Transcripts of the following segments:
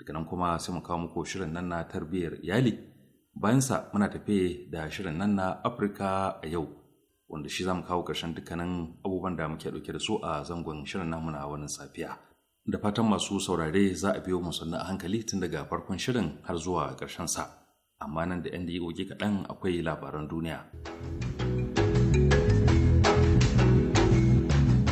daga nan kuma sai mu kawo muku shirin nan na tarbiyyar iyali bayan sa muna tafe da shirin nan na afirka a yau wanda shi zamu kawo karshen dukkanin abubuwan da muke dauke da su a zangon shirin nan muna wani safiya da fatan masu saurare za a biyo mu sannu a hankali tun daga farkon shirin har zuwa karshen sa amma nan da 'yan da kaɗan akwai labaran duniya.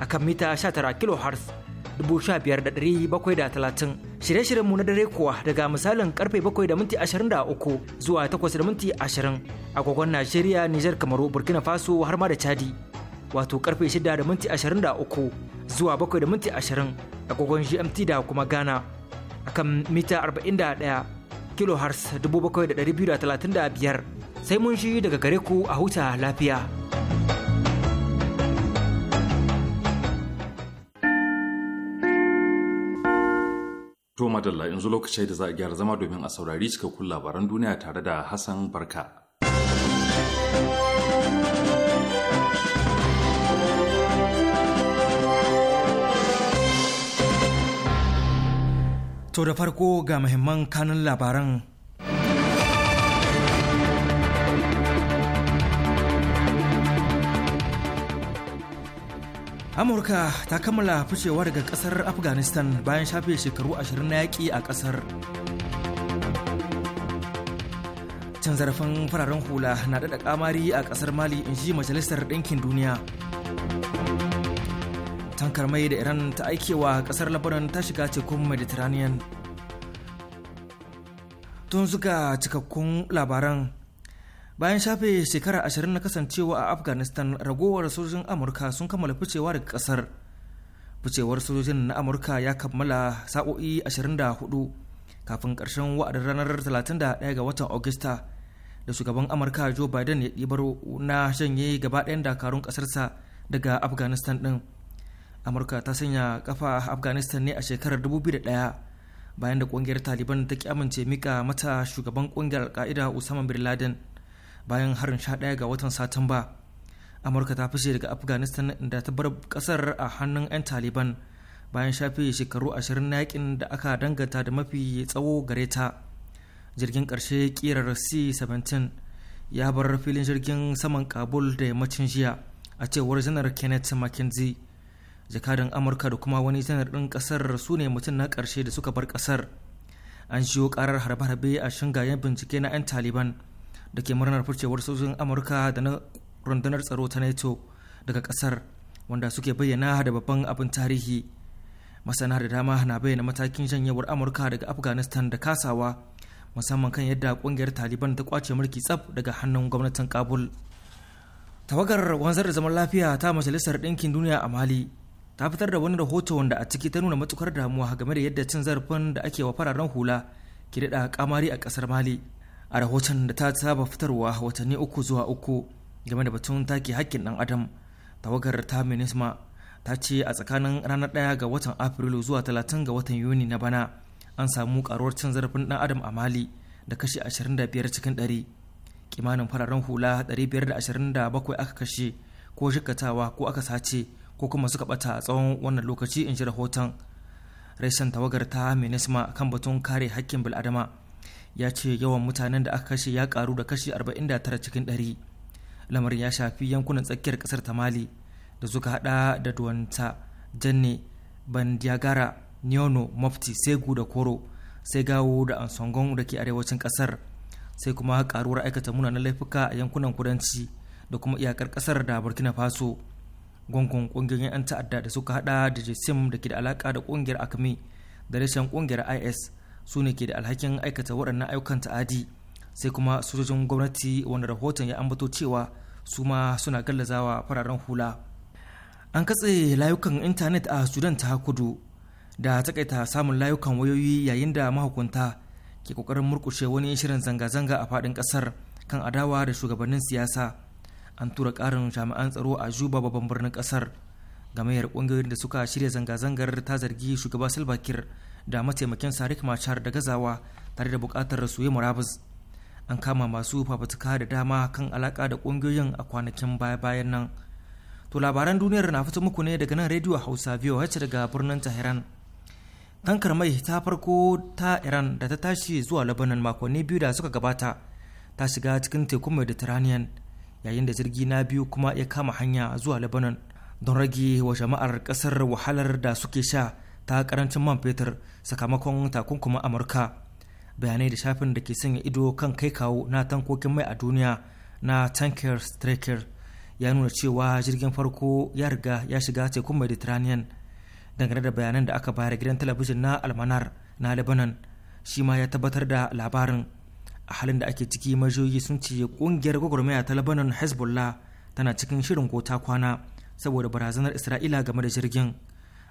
a kan mita 19 kHz 15,730 shirye-shiryenmu na dare kuwa daga misalin karfe 7 da zuwa 8,20; a minti agogon Najeriya, Nijar, Kamaru, Burkina Faso har ma da Chadi. Wato karfe 6:23 da zuwa 7 da minti agogon GMT da kuma Ghana. Akan mita 41 da 7,235 sai mun shi daga gare ku a huta lafiya. To madalla yanzu lokacin da za a gyara zama domin a saurari cikakkun labaran duniya tare da Hassan Barka. To da farko ga muhimman kanun labaran amurka ta kammala ficewa daga kasar afghanistan bayan shafe shekaru ashirin na yaƙi a kasar cin zarafin fararen hula na daɗa kamari a ƙasar mali in ji majalisar ɗinkin duniya tankar mai da iran ta aikewa ƙasar lebanon ta shiga cikin mediterranean tun suka cikakkun labaran bayan shafe shekara ashirin na kasancewa a afghanistan ragowar sojojin amurka sun kammala ficewa daga kasar ficewar sojojin na amurka ya kammala sa'o'i 24 kafin karshen wa'adin ranar 31 ga watan augusta da shugaban amurka joe biden ya ɗibar na shanye gaba ɗayan dakarun kasarsa daga afghanistan ɗin amurka ta sanya kafa afghanistan ne a shekarar 2001 bayan da ƙungiyar taliban ta ki amince mika mata shugaban ƙungiyar qa'ida usama bin laden bayan harin sha ɗaya ga watan satumba amurka ta fice daga afghanistan da ta bar kasar a hannun 'yan taliban bayan shafe shekaru ashirin na yakin da aka danganta da mafi tsawo gare ta jirgin karshe kirar c-17 ya bar filin jirgin saman kabul da yammacin jiya a cewar janar kenneth mckenzie jakadan amurka da kuma wani janar ɗin ƙasar su ne mutum na ƙarshe da suka bar ƙasar an jiyo ƙarar harbe-harbe a shingayen bincike na 'yan taliban da ke murnar furcewar sojojin amurka da na rundunar tsaro ta nato daga kasar wanda suke bayyana da babban abin tarihi masana da dama na bayyana matakin janyewar amurka daga afghanistan da kasawa musamman kan yadda kungiyar taliban ta kwace mulki tsaf daga hannun gwamnatin kabul tawagar wanzar da zaman lafiya ta majalisar ɗinkin duniya a mali ta fitar da wani rahoto wanda a ciki ta nuna matukar damuwa game da yadda cin zarafin da ake wa fararen hula ke daɗa kamari a ƙasar mali a rahoton da ta saba fitarwa watanni uku zuwa uku game da batun take hakkin ɗan adam tawagar ta minisma ta ce a tsakanin ranar ɗaya ga watan afrilu zuwa talatin ga watan yuni na bana an samu karuwar cin zarafin ɗan adam a mali da kashi 25 cikin 100 kimanin fararen hula 527 aka kashe ko shikatawa ko aka sace ko kuma suka bata a tsawon wannan lokaci in ji rahoton rashin tawagar ta minisma kan batun kare hakkin bil'adama ya ce yawan mutanen da aka kashe ya karu da kashi 49 cikin 100 lamarin ya shafi yankunan tsakiyar kasar tamali da suka hada da duwanta janne bandiagara neono mafti segu da koro sai gawo da ansongon da ke arewacin kasar sai kuma karuwar aikata munanan laifuka a yankunan kudanci da kuma iyakar kasar da burkina faso gungun kungiyar 'yan ta'adda da suka hada da jisim da ke da alaka da kungiyar akmi da rashin kungiyar is su ne ke da alhakin aikata waɗannan ayyukan ta'adi sai kuma sojojin gwamnati wanda rahoton ya ambato cewa su ma suna gallazawa fararen hula an katse layukan intanet a sudan ta kudu da takaita samun layukan wayoyi yayin da mahukunta ke kokarin murkushe wani shirin zanga-zanga a faɗin ƙasar kan adawa da shugabannin siyasa an tura ƙarin jami'an tsaro a juba babban birnin ƙasar gamayyar ƙungiyoyin da suka shirya zanga-zangar ta zargi shugaba salva da mataimakin sarik machar da gazawa tare da bukatar su yi murabus an kama masu fafutuka da dama kan alaka da kungiyoyin a kwanakin baya-bayan nan to labaran duniyar na fito muku ne daga nan rediyo hausa biyu wacce daga birnin tehran tankar mai ta farko ta iran da ta tashi zuwa labanan makonni biyu da suka gabata ta shiga cikin tekun mediterranean yayin da jirgi na biyu kuma ya kama hanya zuwa labanan don rage wa jama'ar kasar wahalar da suke sha ta karancin man fetur sakamakon takunkumin amurka bayanai da shafin da ke sanya ido kan kai kawo na tankokin mai a duniya na tanker striker ya nuna cewa jirgin farko ya riga ya shiga tekun mediterranean dangane da bayanan da aka bayar gidan talabijin na almanar na lebanon shi ma ya tabbatar da labarin a halin da ake ciki majiyoyi sun ce kungiyar gwagwarmaya ta lebanon hezbollah tana cikin shirin kwana saboda barazanar isra'ila game da jirgin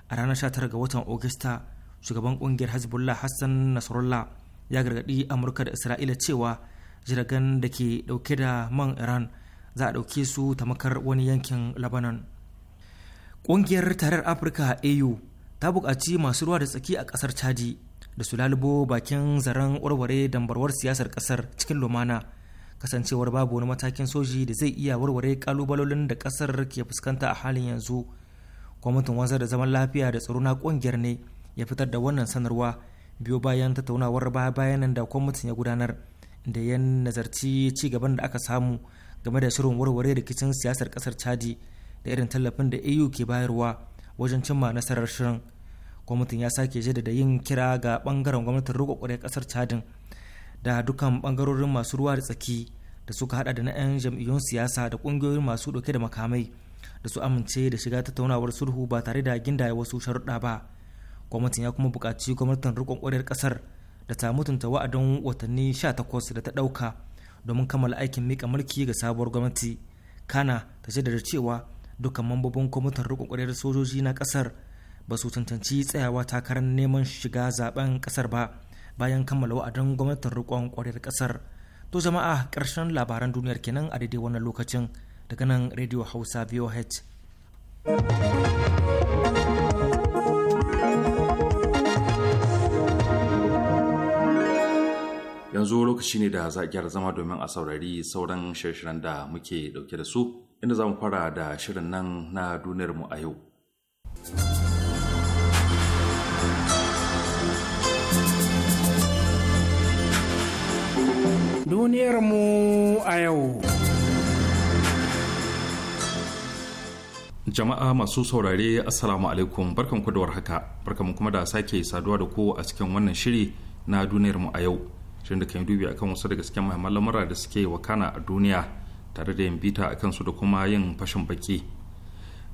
a ranar 19 ga watan Agusta shugaban kungiyar Hezbollah Hassan Nasrallah ya gargadi Amurka da Isra'ila cewa jiragen da ke dauke da man Iran za a dauke su tamakar wani yankin Lebanon. Kungiyar tarar Afirka AU ta bukaci masu ruwa da tsaki a ƙasar Chadi da su lalubo bakin zaren warware dambarwar siyasar ƙasar cikin lumana. kasancewar babu wani matakin soji da zai iya warware kalubalolin da kasar ke fuskanta a halin yanzu kwamitin wanzar da zaman lafiya da tsaro na kungiyar ne ya fitar da wannan sanarwa biyo bayan tattaunawar baya bayanan da kwamitin ya gudanar da ya nazarci ci gaban da aka samu game da shirin warware rikicin siyasar kasar chadi da irin tallafin da au ke bayarwa wajen cimma nasarar shirin kwamitin ya sake jaddada yin kira ga bangaren gwamnatin roƙo kasar chadin da dukkan bangarorin masu ruwa da tsaki da suka hada da na 'yan jam'iyyun siyasa da kungiyoyin masu dauke da makamai da su amince da shiga tattaunawar sulhu ba tare da gindaya wasu sharuɗa ba gwamnatin ya kuma buƙaci gwamnatin riƙon ƙwarar ƙasar da ta mutunta wa'adin watanni 18 da ta ɗauka domin kammala aikin mika mulki ga sabuwar gwamnati kana ta jaddada cewa dukkan mambobin kwamitin riƙon ƙwarar sojoji na ƙasar ba su cancanci tsayawa takarar neman shiga zaben ƙasar ba bayan kammala wa'adin gwamnatin riƙon ƙwarar ƙasar to jama'a ƙarshen labaran duniyar kenan a daidai wannan lokacin daga nan radio hausa voh yanzu lokaci ne da za a gyara zama domin a saurari sauran shirye da muke dauke da su inda za mu fara da shirin nan na duniyar mu a yau duniyar mu a yau Jama'a masu saurare Assalamu alaikum ku da warhaka mu kuma da sake saduwa da ku a cikin wannan shiri na duniyar mu a yau shirin da kan dubi akan wasu daga cikin muhimman lamura da suke wakana a duniya tare da yin bita a kansu da kuma yin fashin baki.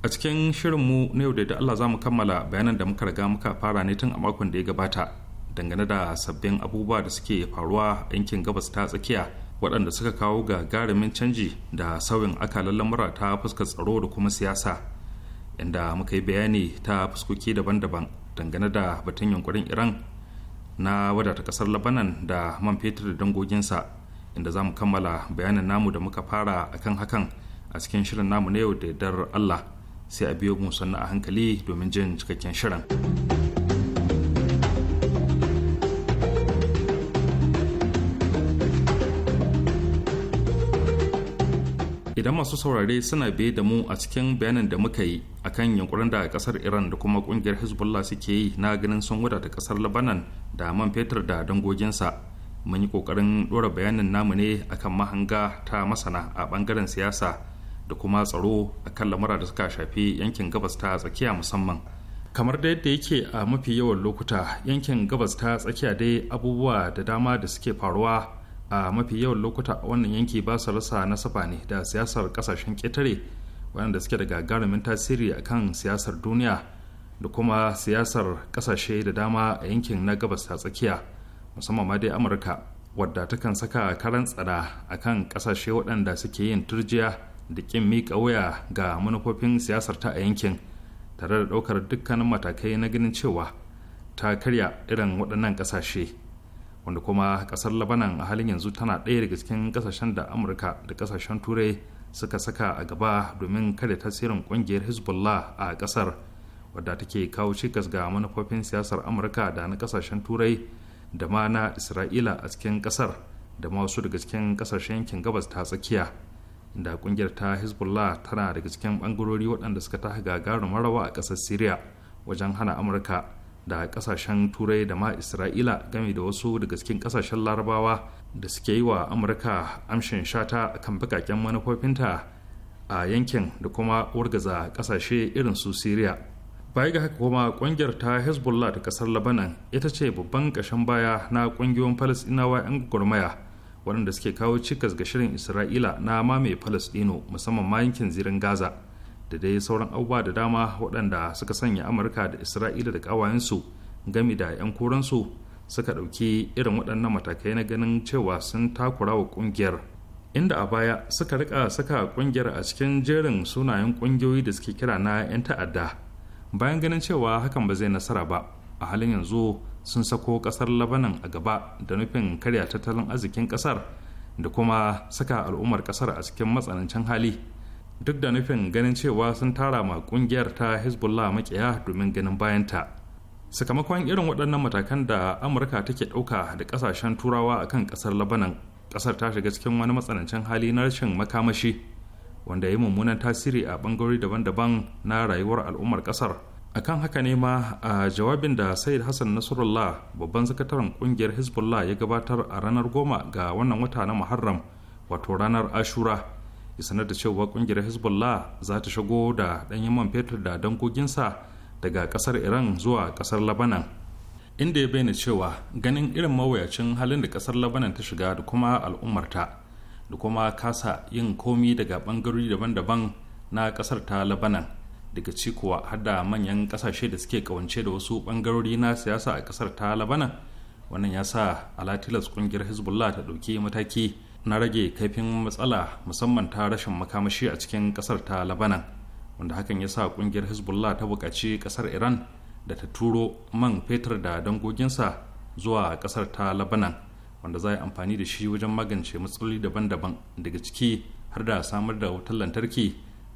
A cikin shirin mu na yau da Allah za mu kammala bayanan da muka riga muka fara ne tun a makon da ya gabata dangane da sabbin abubuwa da suke faruwa a yankin gabas ta tsakiya waɗanda suka kawo gagarumin canji da sauyin akalan lamura ta fuska tsaro da kuma siyasa inda muka yi bayani ta fuskoki daban-daban dangane da batun yankurin iran na wadata kasar labanan da man fetur da dangoginsa inda za mu kammala bayanin namu da muka fara akan hakan a cikin shirin namu na yau da dar allah sai a biyo mu sannu a hankali domin jin cikakken shirin. idan masu saurare suna biye da mu a cikin bayanin da muka yi akan yankurin da kasar iran da kuma kungiyar hezbollah suke yi na ganin sun wadata kasar labanan da man fetur da dangoginsa mun yi kokarin dora bayanin namu ne akan mahanga ta masana a bangaren siyasa da kuma tsaro akan lamura da suka shafi yankin gabas ta tsakiya musamman kamar da yadda yake a mafi yawan lokuta yankin gabas ta tsakiya dai abubuwa da dama da suke faruwa a mafi yawan lokuta wannan yanki ba su rasa nasaba ne da siyasar kasashen ƙetare waɗanda suke da gagarumin tasiri a kan siyasar duniya da kuma siyasar ƙasashe da dama a yankin na gabas ta tsakiya musamman ma dai amurka wadda takan saka karan tsada a kan ƙasashe waɗanda suke yin turjiya da ƙin miƙa wuya ga manufofin siyasar ta a yankin tare da ɗaukar dukkanin matakai na ganin cewa ta karya irin waɗannan ƙasashe. wanda kuma kasar labanan a halin yanzu tana ɗaya daga cikin kasashen da amurka da kasashen turai suka saka a gaba domin kada tasirin kungiyar hezbollah a kasar wadda take kawo cikas ga manufofin siyasar amurka da na kasashen turai da ma na isra'ila a cikin kasar da ma wasu daga cikin kasashen yankin gabas ta tsakiya da kungiyar ta hezbollah tana daga cikin bangarori waɗanda suka ta gagarumin rawa a ƙasar syria wajen hana amurka da kasashen turai da ma isra'ila game da wasu daga cikin kasashen larabawa da suke yi wa amurka amshin shata kan bakaken manufofinta a yankin da kuma wargaza kasashe irin su syria baya ga haka kuma kungiyar ta hezbollah ta kasar labanan ita ce babban kashin baya na kungiyoyin falasdinawa 'yan gurmaya waɗanda suke kawo cikas ga shirin isra'ila na mamaye falasdino musamman ma yankin zirin gaza da dai sauran abubuwa da dama waɗanda suka sanya amurka da isra'ila da ƙawayensu gami da 'yan koransu suka ɗauki irin waɗannan matakai na ganin cewa sun takura wa ƙungiyar inda a baya suka rika saka ƙungiyar a cikin jerin sunayen ƙungiyoyi da suke kira na 'yan ta'adda bayan ganin cewa hakan ba zai nasara ba a halin yanzu sun sako ƙasar labanan a gaba da nufin karya tattalin arzikin ƙasar da kuma saka al'ummar ƙasar a cikin matsanancin hali duk da nufin ganin cewa sun tara ma kungiyar ta hezbollah makiya domin ganin bayanta sakamakon irin waɗannan matakan da amurka take ɗauka da ƙasashen turawa a kan ƙasar labanan ƙasar ta shiga cikin wani matsanancin hali na rashin makamashi wanda ya mummunan tasiri a ɓangarori daban-daban na rayuwar al'ummar ƙasar akan haka ne ma a jawabin da sayid hassan nasrullah babban sakataren kungiyar hezbollah ya gabatar a ranar goma ga wannan wata na muharram wato ranar ashura ya sanar da cewa kungiyar hezbollah za ta shigo da ɗanyen man fetur da dankoginsa daga ƙasar iran zuwa ƙasar labanan inda ya bayyana cewa ganin irin mawuyacin halin da ƙasar labanan ta shiga da kuma al'ummarta da kuma kasa yin komi daga bangarori daban-daban na ƙasar ta labanan daga cikuwa har da manyan ƙasashe da suke kawance da wasu bangarori na siyasa a ƙasar ta labanan wannan ya sa alatilas kungiyar hezbollah ta ɗauki mataki na rage kaifin matsala musamman ta rashin makamashi a cikin kasar ta labanan wanda hakan ya sa kungiyar hezbollah ta buƙaci kasar iran da ta turo man fetur da dangoginsa zuwa kasar ta labanan wanda za a yi amfani da shi wajen magance matsaloli daban-daban daga ciki har da samar da wutar lantarki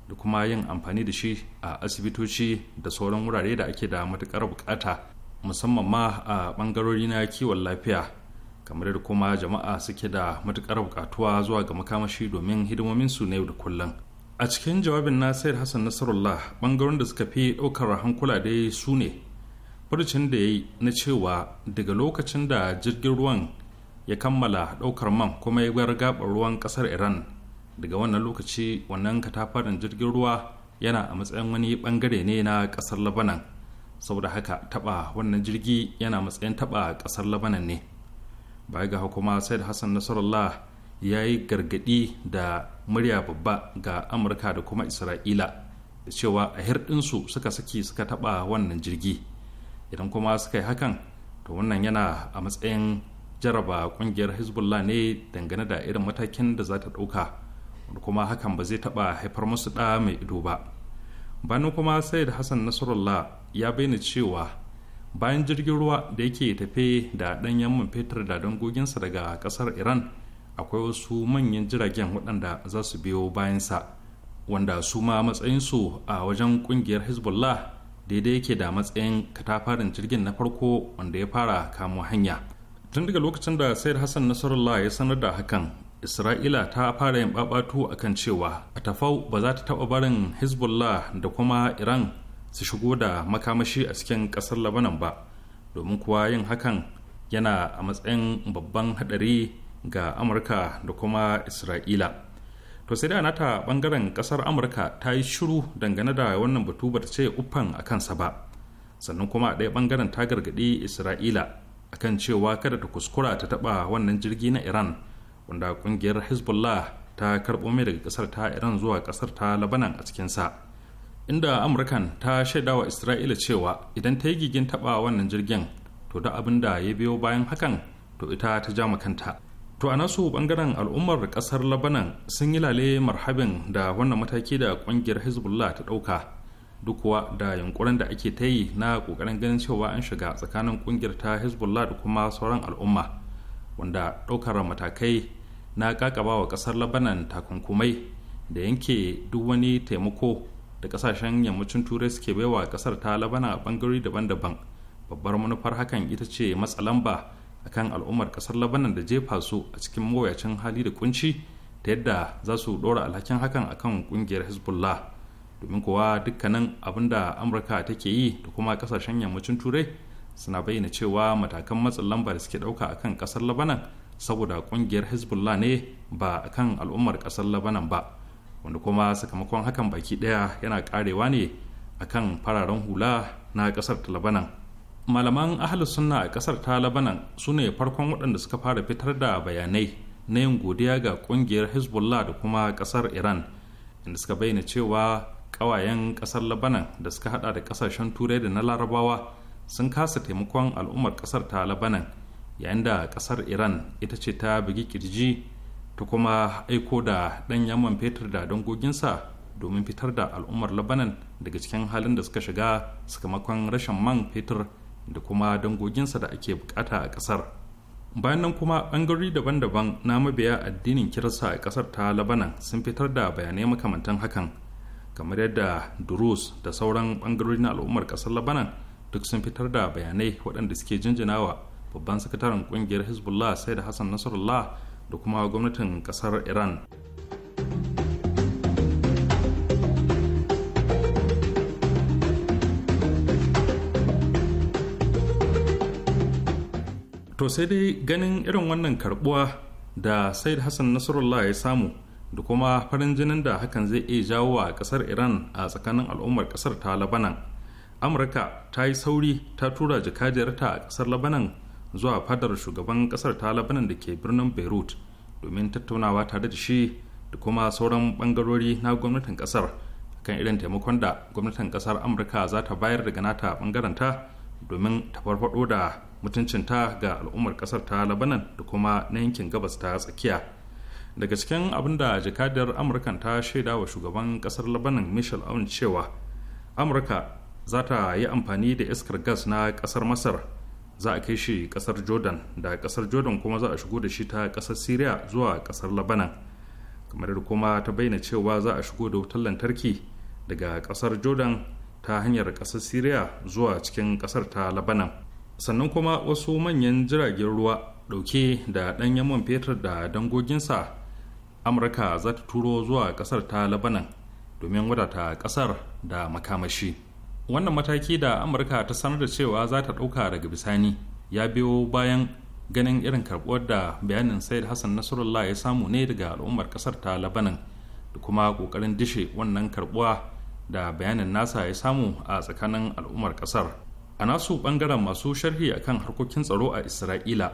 da kuma yin amfani da shi a asibitoci da sauran wurare da ake da matuƙar buƙata musamman ma a ɓangarori na kiwon lafiya kamar da kuma jama'a suke da matukar bukatuwa zuwa ga makamashi domin hidimominsu na yau da kullum a cikin jawabin na sayar hassan nasarullah bangaren da suka fi ɗaukar hankula dai su ne furucin da ya yi na cewa daga lokacin da jirgin ruwan ya kammala ɗaukar man kuma ya gwar gabar ruwan ƙasar iran daga wannan lokaci wannan katafaren jirgin ruwa yana a matsayin wani bangare ne na ƙasar labanan saboda haka taba wannan jirgi yana matsayin taba ƙasar labanan ne baya ga hukuma da hassan nasarallah ya yi gargadi da murya babba ga amurka da kuma isra'ila da cewa a hirɗinsu suka saki suka taɓa wannan jirgi idan kuma suka yi hakan to wannan yana a matsayin jaraba ƙungiyar hezbollah ne dangane da irin matakin da za ta ɗauka kuma hakan ba zai taɓa haifar musu ɗa mai ido ba bani kuma sai da hassan nasarallah ya bayyana cewa bayan jirgin ruwa da yake tafe da ɗanyen man fetur da dangoginsa daga ƙasar iran akwai wasu manyan jiragen waɗanda za su biyo bayansa wanda su ma matsayinsu a wajen ƙungiyar hezbollah daidai yake da matsayin katafarin jirgin na farko wanda ya fara kamo hanya tun daga lokacin da sayar hassan nasarullah ya sanar da hakan isra'ila ta fara yin babatu akan cewa a tafau ba za ta taɓa barin hezbollah da kuma iran su shigo da makamashi a cikin ƙasar labanan ba domin kuwa yin hakan yana a matsayin babban haɗari ga amurka da kuma isra'ila to sai da nata bangaren kasar amurka ta yi shiru dangane da wannan batu ba ta ce uffan a kansa ba sannan kuma a ɗaya bangaren ta gargaɗi isra'ila akan cewa kada ta kuskura ta taɓa wannan jirgi na iran wanda ƙungiyar hezbollah ta karɓo mai daga ƙasar ta iran zuwa ƙasar ta labanan a cikinsa inda amurkan ta shaida wa isra'ila cewa idan ta yi gigin taɓa wannan jirgin to da abin da ya biyo bayan hakan to ita ta ja kanta to a nasu bangaren al'ummar kasar labanan sun yi lale marhabin da wannan mataki da kungiyar hezbollah ta ɗauka duk kuwa da yunkurin da ake ta yi na kokarin ganin cewa an shiga tsakanin kungiyar ta hezbollah da kuma sauran al'umma wanda ɗaukar matakai na kakaba wa ƙasar labanan takunkumai da yanke duk wani taimako da kasashen yammacin turai suke baiwa kasar ta labana a bangarori daban-daban babbar manufar hakan ita ce matsa lamba akan al'ummar kasar labanan da jefa su a cikin mawuyacin hali da kunci ta yadda za su dora alhakin hakan akan kungiyar hezbollah domin kuwa dukkanin abin da amurka take yi da kuma kasashen yammacin turai suna bayyana cewa matakan matsin lamba da suke dauka akan kasar labanan saboda kungiyar hezbollah ne ba akan al'ummar kasar labanan ba wanda kuma sakamakon hakan baki daya yana karewa ne akan fararen hula na kasar ta labanan malaman ahli sunna a kasar ta labanan su ne farkon waɗanda suka fara fitar da bayanai na yin godiya ga ƙungiyar hezbollah da kuma kasar iran inda suka bayyana cewa ƙawayen kasar labanan da suka hada da kasashen turai da na larabawa sun kasa taimakon al'ummar kasar ta labanan yayin da kasar iran ita ce ta bugi kirji ta kuma aiko da ɗan man fetur da dangoginsa domin fitar da al'ummar labanan daga cikin halin da suka shiga sakamakon rashin man fetur da kuma dangoginsa da ake bukata a ƙasar bayan nan kuma ɓangarori daban-daban na mabiya addinin kirista a ƙasar ta labanan sun fitar da bayanai makamantan hakan kamar yadda durus da sauran ɓangarori na al'ummar ƙasar labanan duk sun fitar da bayanai waɗanda suke jinjinawa babban sakataren ƙungiyar hezbollah sai da hassan nasarullah da kuma gwamnatin kasar iran to sai dai ganin irin wannan karbuwa da said hassan nasarullah ya samu da kuma farin jinin da hakan zai iya jawo a kasar iran a tsakanin al'ummar kasar ta labanan amurka ta yi sauri ta tura jikajiyarta a kasar labanan zuwa fadar shugaban kasar ta labanan da ke birnin beirut domin tattaunawa tare da shi da kuma sauran bangarori na gwamnatin kasar kan irin taimakon da gwamnatin kasar amurka za ta bayar daga nata ta domin ta farfado da mutuncinta ga al'ummar kasar ta labanan da kuma na yankin gabas ta tsakiya daga cikin abin da jakadiyar amurkan ta shaida wa shugaban kasar labanan michel aun cewa amurka za ta yi amfani da iskar gas na kasar masar za a kai shi kasar jordan da kasar jordan kuma za a shigo da shi ta kasar syria zuwa kasar labanan kamar da kuma ta bayyana cewa za a shigo da wutar lantarki daga kasar jordan ta hanyar kasar syria zuwa cikin kasar ta labanan sannan kuma wasu manyan jiragen ruwa dauke da ɗanyen man fetur da dangoginsa amurka za ta turo zuwa kasar ta labanan domin wadata kasar da makamashi wannan mataki da amurka ta sanar da cewa za ta ɗauka daga bisani ya biyo bayan ganin irin karɓuwar da bayanin sayid hassan nasarullah ya samu ne daga al'ummar ƙasar ta labanan da kuma ƙoƙarin dishe wannan karɓuwa da bayanin nasa ya samu a tsakanin al'ummar ƙasar a nasu ɓangaren masu sharhi akan harkokin tsaro a isra'ila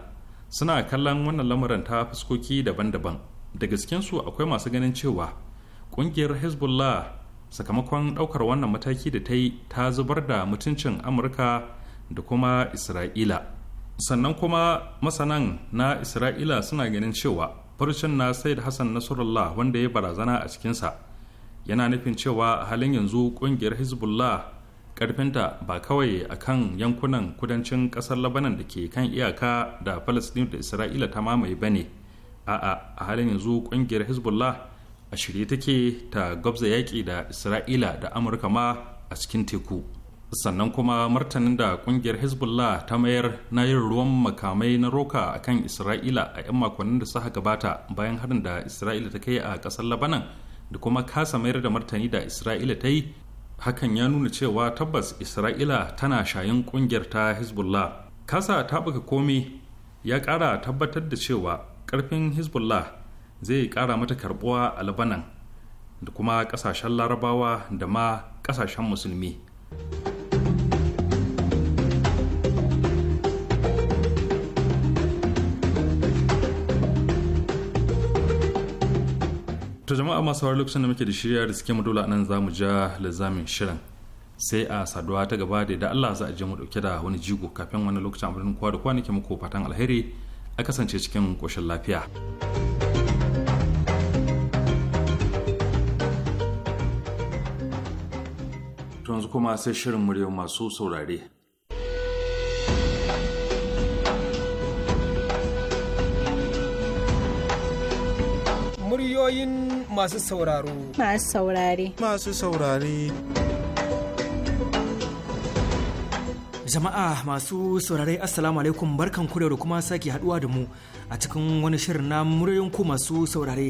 suna kallon wannan lamarin ta fuskoki daban-daban da su akwai masu ganin cewa ƙungiyar hezbollah sakamakon ɗaukar wannan mataki da ta yi ta zubar da mutuncin amurka da kuma isra'ila sannan kuma masanan na isra'ila suna ganin cewa farcin na said hassan nasrullah wanda ya barazana a cikinsa yana nufin cewa a halin yanzu kungiyar hezbollah karfinta ba kawai a kan yankunan kudancin kasar labanan da ke kan iyaka da palestine da isra'ila ta mamaye ba ne a'a a halin yanzu kungiyar hezbollah a shirye take ta gwabza yaƙi da isra'ila da amurka ma a cikin teku sannan kuma martanin da kungiyar hezbollah ta mayar na yin ruwan makamai na roka a kan isra'ila a 'yan makonnin da suka gabata bayan harin da isra'ila ta kai a ƙasar labanan da kuma kasa mayar da martani da isra'ila ta yi hakan ya nuna cewa tabbas isra'ila tana shayin kungiyar ta hezbollah kasa ta buga komai ya kara tabbatar da cewa ƙarfin hezbollah zai kara mata karbuwa a labanan da kuma ƙasashen larabawa da ma ƙasashen musulmi ta jama'a masu hawar lokacin da muke da shirya da suke dole nan za mu ja lizamin shirin sai a saduwa ta gaba da da Allah za a je mu dauke da wani jigo kafin wani lokacin amurin kowa da kowa nake muku fatan alheri a kasance cikin koshin lafiya. To yanzu kuma sai shirin murya masu saurare. Muryoyin masu sauraro. Masu saurare. Masu saurare. Jama'a masu saurare Assalamu alaikum barkan ku da kuma sake haduwa da mu a cikin wani shirin na muryoyin ku masu saurare.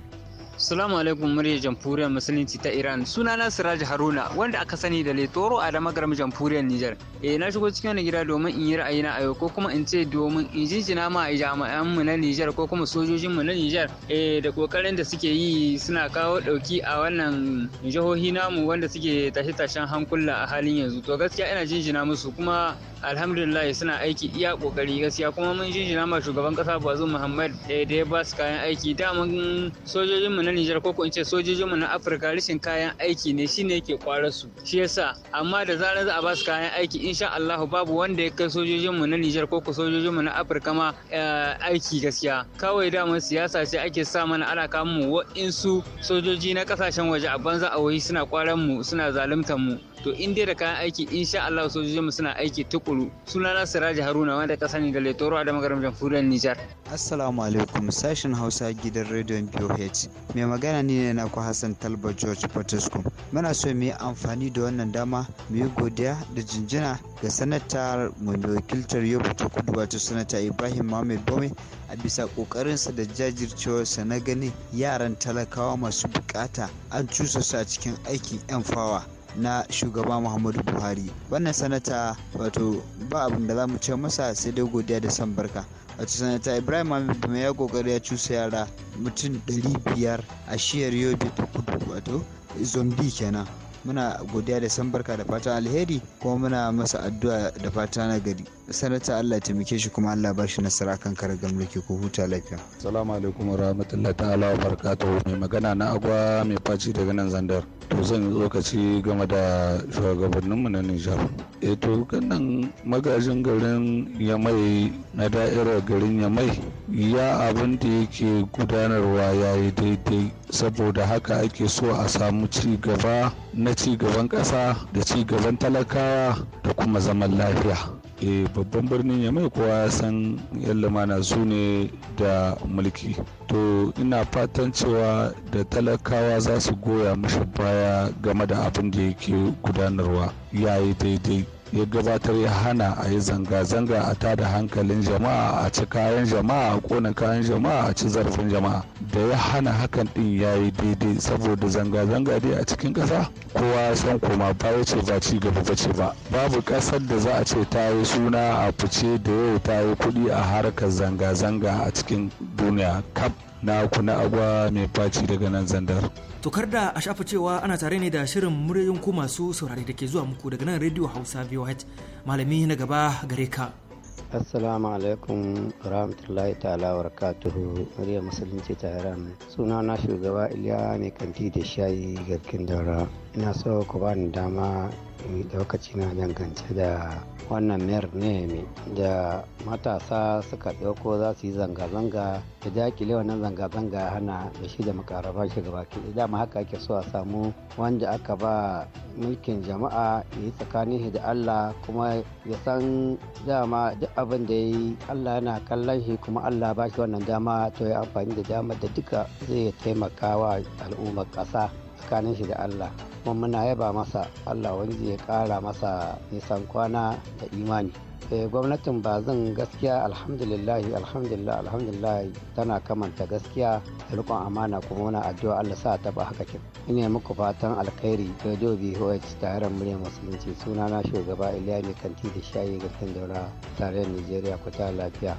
Salamu alaikum muryar jamhuriyar musulunci ta Iran. Sunana Siraj Haruna wanda aka sani da Letoro a garin jamhuriyar Nijar. Eh na shigo cikin wani gida domin in yi ra'ayi na ayo ko kuma in ce domin in jinjina ma a jami'an mu na Nijar ko kuma sojojin mu na Nijar eh da kokarin da suke yi suna kawo dauki a wannan jihohi namu wanda suke tashe-tashen hankula a halin yanzu. To gaskiya ina jinjina musu kuma alhamdulillah suna aiki iya kokari gaskiya kuma mun jinjina ma shugaban kasa Bazoum Muhammad eh, da ya ba su kayan aiki. Da mun sojojin mu na Nijar ko ko in ce sojojin mu na Afirka rashin kayan aiki ne shine yake kwarar su. Shi yasa amma da zarar za a ba su kayan aiki insha Allah babu wanda ya kai sojojin mu na Nijar ko ko mu na Afirka ma eh, aiki gaskiya. Kawai mun siyasa ce ake sa mana ana kamun wa'insu sojoji na kasashen waje a banza a wayi suna kwaran mu suna zaluntar mu. to in da kayan aiki insha Allah sojojin mu suna aiki tukuru sunana Siraji Haruna wanda ka sani da Letoro a damagaram jamhuriyar Nijar Assalamu alaikum sashen Hausa gidan rediyon POH mai magana ne na ku Hassan Talba George Fortescue muna so mu yi amfani da wannan dama mu yi godiya da jinjina ga sanatar mu wakiltar Yobe ta Kudu wato sanata Ibrahim Mohammed Bome a bisa kokarinsa da jajircewarsa na ganin yaran talakawa masu bukata an cusa su a cikin aikin 'yan fawa na shugaba muhammadu buhari wannan sanata wato ba abin da za mu ce masa sai dai godiya da san barka wato sanata ibrahim ahmed mai ya kokari ya cusa yara mutum biyar a shiyar yobe ta kudu wato zombi kenan muna godiya da san barka da fatan alheri kuma muna masa addu'a da fata na sanata Allah ya taimake shi kuma Allah ba shi nasara kan karagar mulki ko huta lafiya assalamu alaikum wa rahmatullahi ta'ala wa barakatuhu mai magana na agwa mai faci daga nan zandar to zan yi lokaci game da shugabanninmu na Nijar E, to nan magajin garin Yamai na da'irar garin Yamai ya abin da yake gudanarwa ya yi daidai saboda haka ake so a samu ci gaba na ci gaban ƙasa da ci gaban talakawa da kuma zaman lafiya Eh babban birnin ya mai kowa ya san yan lumana su ne da mulki to ina fatan cewa da talakawa za su goya mashi baya game da abin da yake gudanarwa yayi daidai ya gabatar ya hana a yi zanga-zanga a tada hankalin jama'a a ci kayan jama'a a kona kayan jama'a a ci zarafin jama'a da ya hana hakan din ya yi daidai saboda zanga-zanga dai a cikin ƙasa kowa ya san koma ya ce ba ci gaba ba ce ba babu ƙasar da za a ce ta yi suna a fice da yau ta yi kuɗi a harkar zanga-zanga a cikin duniya kap na kuna agwa mai faci daga nan zandar. Tokar da a shafa cewa ana tare ne da shirin muryoyin ku masu saurari da ke zuwa muku daga nan Radio Hausa VOH malami na gaba gare ka. assalamu alaikum rahmatullahi ta'ala wa rakatuhu muryar musulunci ta haram suna na shugaba iliya mai kanti da shayi garkin daura ina so ku ba ni dama lokaci na dangance da wannan mayar ne da matasa suka ɗauko za su yi zanga-zanga da dakile wannan zanga-zanga hana da shi da makaraba shi gaba dama haka ake so a samu wanda aka ba mulkin jama'a ya yi tsakanin shi da Allah kuma ya san dama duk abin da ya yi Allah yana kallon shi kuma Allah ba shi wannan dama to ya amfani da dama da duka zai taimaka wa al'ummar ƙasa tsakanin shi da Allah kuma muna yaba masa Allah wanda ya ƙara masa nisan kwana da imani eh, gwamnatin zan gaskiya alhamdulillahi alhamdulillah alhamdulillah tana kamanta gaskiya da rikon amana kuma muna addu'a Allah sa ta ba haka kin ina muku fatan alkhairi radio ta tare muryar musulunci sunana shugaba Iliya kanti da shayi ga daura tare Nigeria ku ta lafiya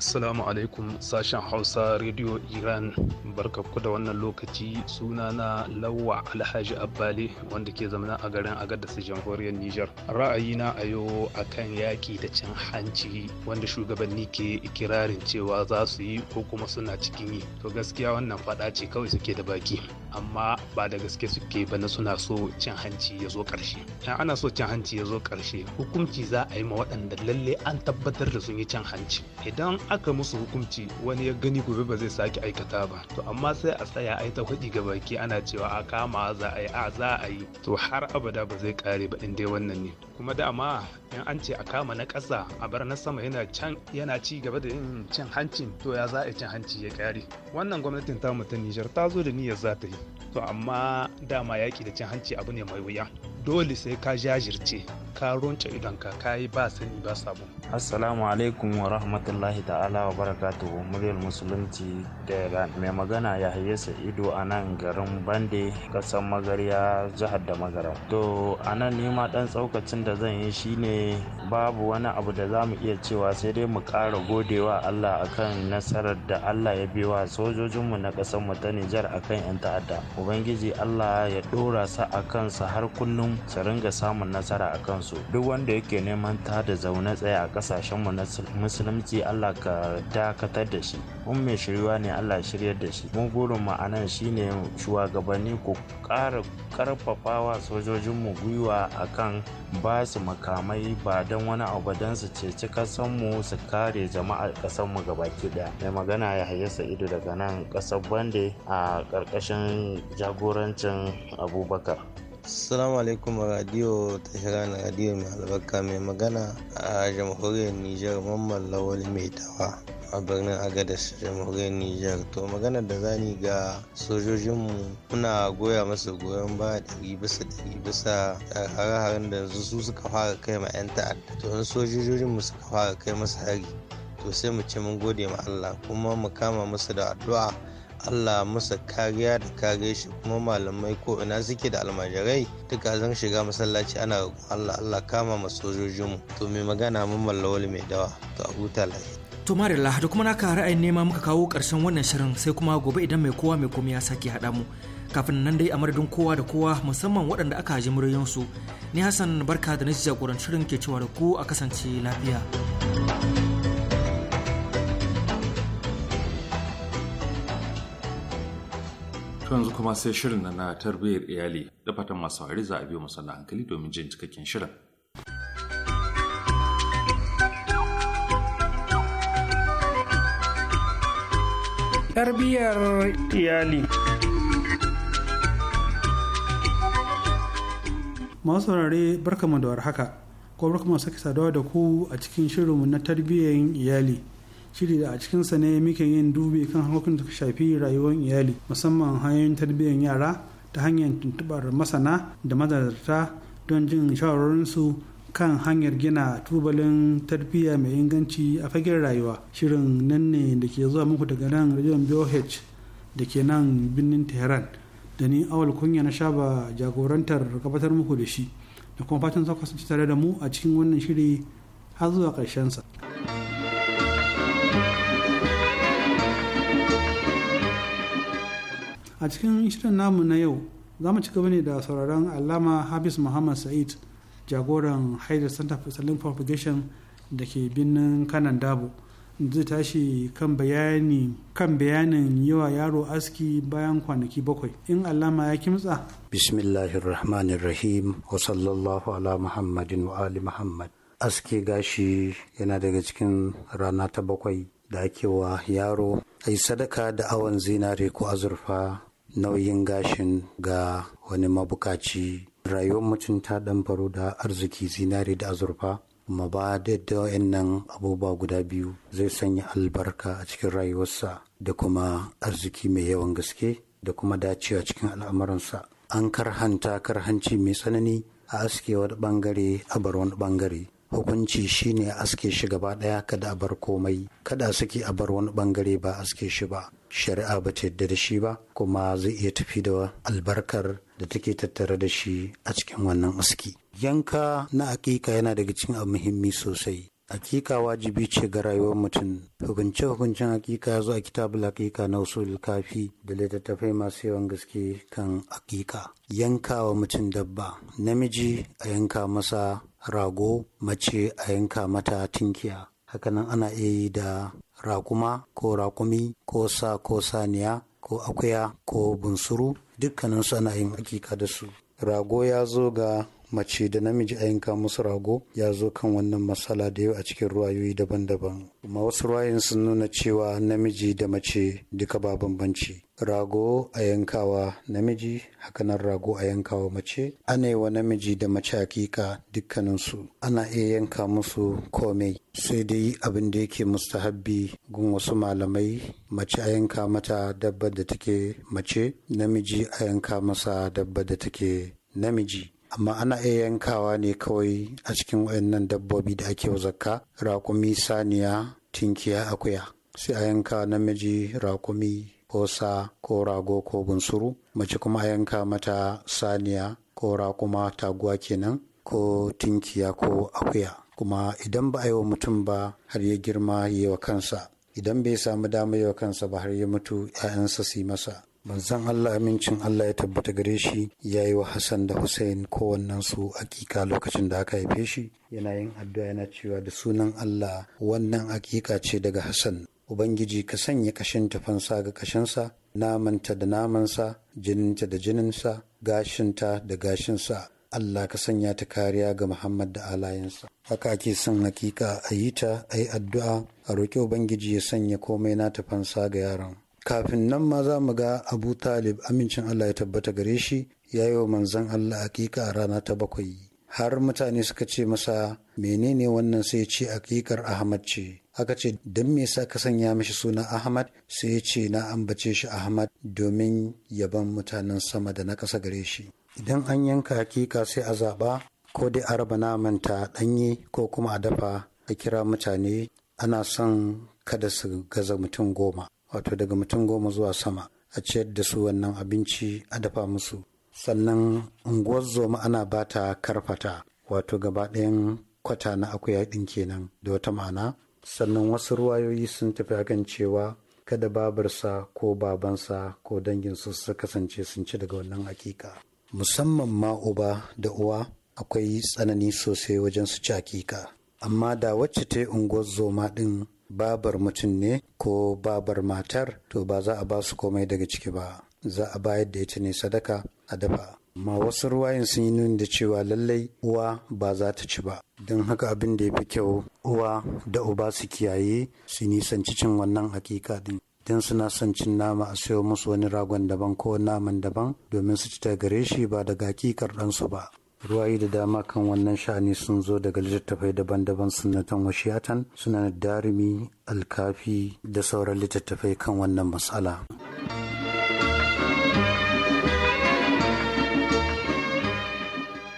Assalamu alaikum sashen Hausa Radio Iran barkakku da wannan lokaci suna na Lawa Alhaji Abbali wanda ke zamana a garin Agadis jamhuriyar Nijar. Ra'ayina a yau akan yaƙi da cin hanci wanda shugabanni ke ikirarin cewa za su yi ko kuma suna cikin yi. To gaskiya wannan faɗa ce kawai suke da baki amma ba da gaske suke ba na suna so cin hanci ya zo ƙarshe. Yan ana so cin hanci ya zo ƙarshe hukunci za a yi ma waɗanda lalle an tabbatar da sun yi cin hanci. Idan aka musu hukunci wani ya gani gobe ba zai sake aikata ba to amma sai a tsaya ai ta kudi ga baki ana cewa a kama za a yi a za a yi to har abada ba zai kare ba in dai wannan ne kuma dama in an ce a kama na ƙasa a bar na sama yana can ci gaba da yin cin hancin to ya za a cin hanci ya ƙare wannan gwamnatin ta mutum Nijar ta zo da niyyar za ta yi to amma dama yaƙi da cin hanci abu ne mai wuya dole sai ka jajirce ka ronce idonka ka yi ba sani ba sabo assalamu alaikum wa rahmatullahi ta'ala wa barakatuhu muryar musulunci da iran mai magana ya haye ido a nan garin bande kasan magarya jihar da Magara. to a nan nema dan tsaukacin da zan yi shine babu wani abu da za mu iya cewa sai dai mu ƙara godewa Allah akan nasarar da Allah ya biwa sojojinmu na ƙasarmu ta Nijar akan 'yan ta'adda. Ubangiji Allah ya ɗora su a kansu har kullum su ringa samun nasara a kansu. Duk wanda yake neman ta da zaune tsaye a ƙasashenmu na musulunci Allah ka dakatar da shi. Mun mai shirywa ne Allah shiryar da shi. Mun gurin ma'anan shine shugabanni ku ƙara ƙarfafawa sojojinmu gwiwa akan ba basu su makamai ba don wani abu don su ceci mu su kare jama'ar ga baki ɗaya mai magana ya hayyasa ido daga nan ƙasar bande a ƙarƙashin jagorancin abubakar Assalamu alaikum radio na radio mai albarka mai magana a jamhuriyar Nijar Mamman Lawal mai tawa a birnin Agadas jamhuriyar Nijar. To magana da zani ga sojojinmu muna goya masa goyon baya ɗari bisa ɗari bisa hare-haren da yanzu su suka fara kai ma 'yan ta'adda. To in sojojinmu suka fara kai masa hari to sai mu ce mun gode ma Allah kuma mu kama musu da addu'a allah musa kariya da kare shi kuma malamai ko ina suke da almajirai duka zan shiga masallaci ana roƙon allah allah kama ma sojojinmu to mai magana mun mallawali mai dawa to a huta To Marilla da kuma naka ra'ayin nema muka kawo karshen wannan shirin sai kuma gobe idan mai kowa mai komai ya sake haɗa mu. Kafin nan dai a madadin kowa da kowa musamman waɗanda aka ji muryoyinsu. Ni Hassan barka da na jagorancin shirin ke cewa da ku a kasance lafiya. To yanzu kuma sai shirin na na tarbiyyar iyali da fatan masu hari za a biyo masa na hankali domin jin cikakken shirin. Tarbiyyar iyali. Masu saurare barkamu da warhaka, ko barkamu sake saduwa da ku a cikin shirinmu na tarbiyyar iyali. shiri da a cikinsa ne muke yin dubi kan harkokin da shafi rayuwar iyali musamman hanyoyin tarbiyyar yara ta hanyar tuntubar masana da mazarta don jin shawarorinsu kan hanyar gina tubalin tarbiyya mai inganci a fagen rayuwa shirin nan ne da ke zuwa muku daga nan rajon boh da ke nan birnin tehran da ni awal kunya na shaba jagorantar gabatar muku da shi da kuma fatan za ci tare da mu a cikin wannan shiri har zuwa ƙarshensa. sa a cikin shirin namu na yau za mu ci gaba ne da sauraron alama habis muhammad sa'id jagoran haidar center for selling propagation da ke birnin kanan dabo zai tashi kan bayani kan bayanin yawa yaro aski bayan kwanaki bakwai in allama ya kimtsa bismillahirrahmanirrahim wa sallallahu ala muhammadin wa ali muhammad aski gashi yana daga cikin rana ta bakwai da ake yaro ai sadaka da awon zinare ko azurfa nauyin gashin ga wani mabukaci rayuwar mutum ta dan faru da arziki zinari da azurfa kuma ba da nan abubuwa guda biyu zai sanya albarka a cikin rayuwarsa da kuma arziki mai yawan gaske da kuma dacewa cikin al'amuransa an karhanta karhanci mai tsanani a askewa wani bangare a bar wani bangare hukunci shine aske shi gaba ɗaya kada a bar komai kada suke a bar wani bangare ba aske shi ba shari'a ba ta yadda da shi ba kuma zai iya tafi da albarkar da take tattare da shi a cikin wannan aski yanka na akika yana daga cikin abu muhimmi sosai hakika wajibi ce ga rayuwar mutum hukunce hukuncen hakika ya zo a kitabul hakika na usul kafi da littattafai masu yawan gaske kan hakika yankawa mutum dabba namiji a yanka masa rago mace a yanka mata tinkiya hakanan ana iya yi da raƙuma ko raƙumi ko sa ko saniya ko akuya ko bunsuru dukkaninsu ana yin hakika da su rago ya zo ga mace da namiji a yanka musu rago ya zo kan wannan matsala da yau a cikin ruwayoyi daban-daban kuma wasu ruwayoyin sun nuna cewa namiji da mace duka ba bambanci rago a yankawa namiji hakanan rago a yankawa mace ana yi wa namiji da mace hakika dukkaninsu ana iya yanka musu komai sai dai abin da yake mustahabbi gun wasu malamai mace a yanka mata dabba da take mace namiji a yanka masa dabba da take namiji amma ana iya yankawa ne kawai a cikin wayannan dabbobi da ake zakka raƙumi saniya tinkiya akuya sai a yanka namiji raƙumi ko ko rago ko bunsuru mace kuma a yanka mata saniya ko raƙuma taguwa kenan ko tinkiya ko akuya kuma idan ba a yi wa mutum ba har ya girma yi wa kansa idan bai samu damar yi wa kansa ba har ya mutu 'ya'yansa su yi masa san Allah amincin Allah ya tabbata gare shi ya yi wa Hassan da Hussein kowannen su akika lokacin da aka haife shi yana yin addu'a yana cewa da sunan Allah wannan akika ce daga Hassan Ubangiji ka sanya kashin tafansa ga kashinsa namanta da namansa jininta da jininsa gashinta da gashinsa Allah ka sanya ta kariya ga Muhammad da alayensa. Haka ake son hakika a yi ta a yi addu'a a roƙi Ubangiji ya sanya komai na ta fansa ga yaron. kafin nan ma za mu ga abu talib amincin allah ya tabbata gare shi ya yi wa manzan allah hakika a rana ta bakwai har mutane suka ce masa menene wannan sai ce hakikar ahmad ce aka ce don me sa ka sanya mashi suna ahmad sai ya ce na ambace shi ahmad domin yaban mutanen sama da na ƙasa gare shi idan an yanka hakika sai a zaɓa ko dai a raba naman ta ɗanye ko kuma a dafa a kira mutane ana son kada su gaza mutum goma wato daga mutum goma zuwa sama a ciyar da su wannan abinci a dafa musu sannan unguwar zoma ana ba ta karfata wato gaba ɗayan kwata na akuya ɗin kenan da wata ma'ana sannan wasu ruwayoyi sun tafi hakan cewa kada babarsa ko babansa ko danginsu su kasance sun ci daga wannan hakika musamman ma uba da uwa akwai tsanani sosai wajen su ci hakika amma da wacce ta yi unguwar zoma ɗin babar mutum ne ko babar matar to ba za a ba su komai daga ciki ba za a bayar da ita ne sadaka a dafa ma wasu ruwayin sun yi nuni da cewa lallai uwa ba za ta ci ba don haka abin da ya fi kyau uwa da uba su kiyaye su nisanci cin wannan hakika din don suna son cin nama a sayo musu wani ragon daban ko naman daban domin su ci ta gare shi ba daga hakikar ɗansu ba ruwayi da dama kan wannan sha'ani sun zo daga littattafai daban-daban sunnatan washiatan suna darimi alkafi da sauran littattafai kan wannan matsala.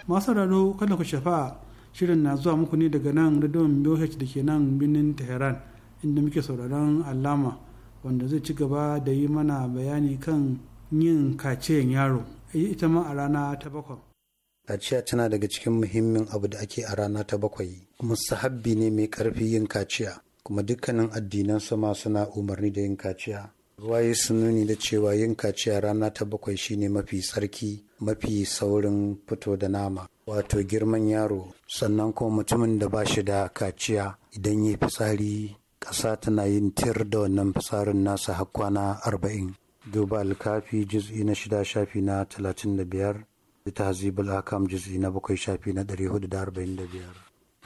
masu raro kada ku shafa shirin na zuwa muku ne daga nan radon BOH da ke nan birnin Tehran inda muke sauraron alama wanda zai ci gaba da yi mana bayani kan yin kaciyan yaro ita ma a rana ta bakwai. kaciya tana daga cikin muhimmin abu da ake a rana ta bakwai musahabbi ne mai karfi yin kaciya kuma dukkanin addinan sama suna umarni da yin kaciya Ruwaye su nuni da cewa yin kaciya rana ta bakwai shine mafi tsarki mafi saurin fito da nama wato girman yaro sannan kuma mutumin da ba shi da kaciya idan ya fitsari ƙasa tana yin tir da wannan fitsarin nasa har kwana arba'in duba alkafi juz'i na shida shafi na talatin da biyar tahzibul akam juz'i na bakwai shafi na da arba'in biyar.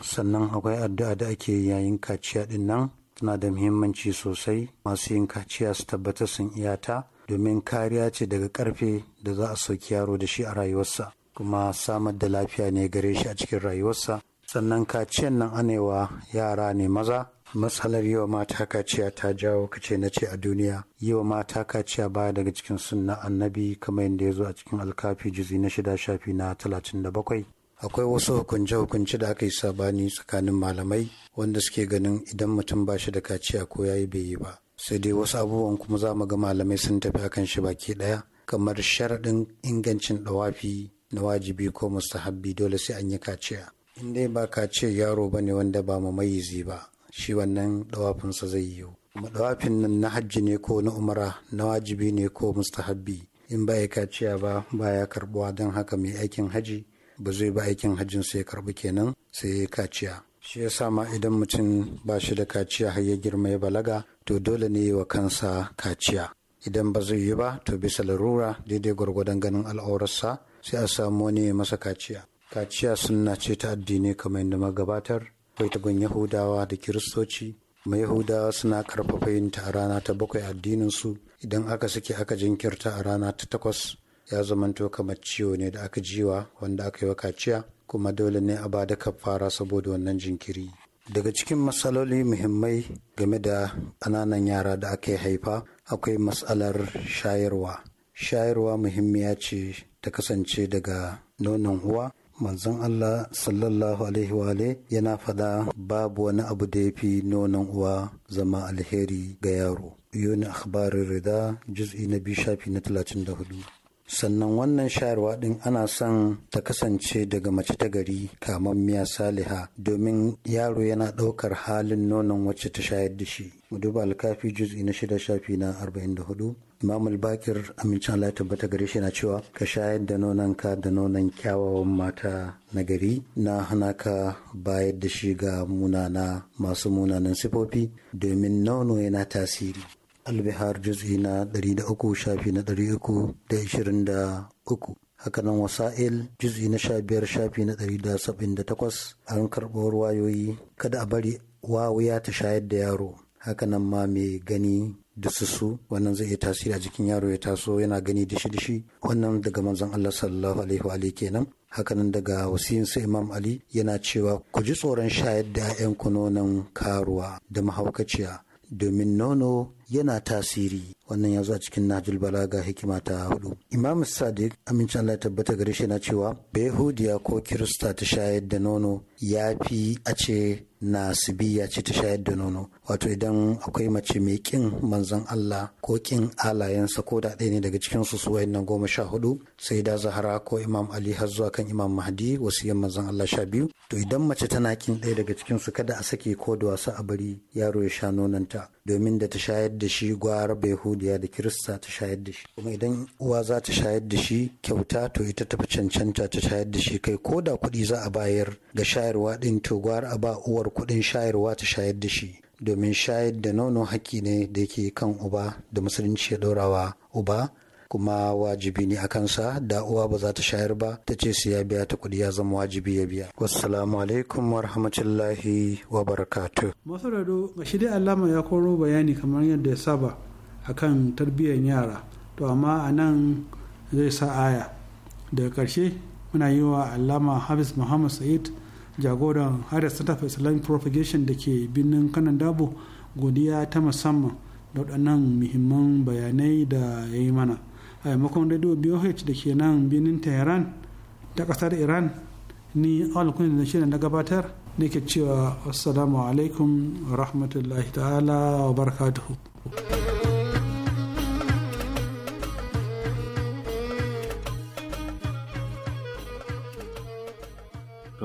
sannan akwai addu'a da ake yayin kaciya din nan tana da muhimmanci sosai masu yin kaciya su tabbata sun iyata domin kariya ce daga karfe da za a sauki yaro da shi a rayuwarsa kuma samar da lafiya ne gare shi a cikin rayuwarsa sannan kaciyan nan anewa yara ne maza matsalar yi wa mata kaciya ta jawo kace na ce a duniya yi wa mata kaciya baya daga cikin sunna annabi kamar yadda ya zo a cikin alkafi jizi na shida shafi na talatin da bakwai akwai wasu hukunce-hukunce da aka yi sabani tsakanin malamai wanda suke ganin idan mutum ba shi da kaciya ko yayi bai yi ba sai dai wasu abubuwan kuma za mu ga malamai sun tafi akan shi baki ɗaya kamar sharaɗin ingancin ɗawafi na wajibi ko mustahabbi dole sai an yi kaciya in dai ba ka ce yaro ba ne wanda ba mu mayizi ba shi wannan dawafinsa zai yiwu Dawafin nan na hajji ne ko na umara na wajibi ne ko mustahabbi in ba ya kaciya ba ba ya karbuwa don haka mai aikin haji ba zai ba aikin hajjin sai ya karbi kenan sai ya kaciya shi ya sa ma idan mutum ba shi da kaciya har ya girma ya balaga to dole ne yi wa kansa kaciya idan ba zai yi ba to bisa larura daidai gwargwadon ganin al'aurarsa sai a samu wani masa kaciya kaciya sunna ce ta addini kamar yadda magabatar akwai tagon yahudawa da kiristoci ma yahudawa suna karfafa yin ta a rana ta bakwai addinin su idan aka sake aka jinkirta a rana ta takwas ya zamanto kamar ciwo ne da aka jiwa wanda aka yi wa kaciya kuma dole ne a ba da kafara saboda wannan jinkiri daga cikin matsaloli muhimmai game da ƙananan yara da aka haifa akwai matsalar shayarwa shayarwa muhimmiya ce ta kasance daga nonon uwa manzon Allah sallallahu alaihi wa yana faɗa babu wani abu da ya fi nonon uwa zama alheri ga yaro. Yoni akhbarin rida juz'i na biyu shafi na talatin da hudu. sannan wannan shayarwa din ana son ta kasance daga mace ta gari kamar miya saliha domin yaro yana ɗaukar halin nonon wacce ta shayar da shi mu duba alkafi juz'i na shida shafi na hudu. imam bakir amincin allah tabbata gare shi na cewa ka shayar da nonon ka da nonon kyawawan mata na gari na hana ka bayar da shi ga munana masu munanan sifofi domin nono yana tasiri albihar juz'i na 300 shafi na 323 hakanan wasa'il juz'i na 15 shafi na 178 an karɓo wayoyi kada a bari wawuya ta shayar da yaro hakanan ma mai gani dususu wannan zai iya tasiri a jikin yaro ya taso yana gani dishi-dishi wannan daga manzon Allah sallallahu alaihi wa kenan hakanan daga wasiyin su imam ali yana cewa ku ji tsoron shayar da 'ya'yan karuwa da mahaukaciya domin nono yana tasiri wannan ya zo a cikin najul ga hikima ta hudu imam sadiq aminci allah ya tabbata gare shi na cewa behudiya ko kirista ta shayar da nono ya fi a ce sibiya ce ta shayar da nono wato idan akwai mace mai kin manzon Allah ko kin alayensa ko da ɗaya ne daga cikin su su wayan goma sha hudu sai da zahara ko imam ali har zuwa kan imam mahdi wasu yan manzon Allah sha biyu to idan mace tana kin ɗaya daga cikin su kada a sake ko da wasa a bari yaro ya sha ta domin da ta shayar da shi gwara bai biya da kirista ta shayar da shi kuma idan uwa za ta shayar da shi kyauta to ita ta fi cancanta ta shayar da shi kai ko da kuɗi za a bayar ga shayarwa ɗin to gwara a ba uwar kuɗin shayarwa ta shayar da shi domin shayar da nono haƙƙi ne da yake kan uba da musulunci ya ɗorawa uba kuma wajibi ne a kansa da uwa ba za ta shayar ba ta ce su ya biya ta kuɗi ya zama wajibi ya biya wassalamu alaikum wa rahmatullahi wa barakatu masu rado ga shi dai alama ya koro bayani kamar yadda ya saba akan tarbiyyar yara to amma a nan zai sa aya daga ƙarshe muna yi wa alama hafiz muhammad sa'id jagoran haris startup islamic propagation da ke birnin kanan dabo godiya ta musamman da waɗannan muhimman bayanai da ya yi mana a maimakon radio boh da ke nan birnin tehran ta ƙasar iran ni alkunin da shirin na gabatar ne ke cewa assalamu alaikum rahmatullahi ta'ala wa barakatuhu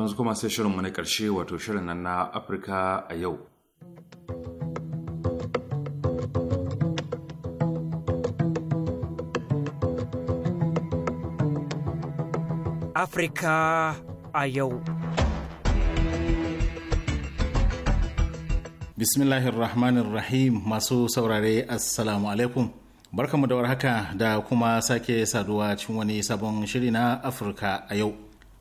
yanzu kuma sai shirinmu na ƙarshe wato shirin nan na Afirka a yau. Afirka a yau. Bismillahirrahmanirrahim masu saurare Assalamu alaikum. Barkamu da warhaka da kuma sake saduwa cikin wani sabon shiri na Afirka a yau.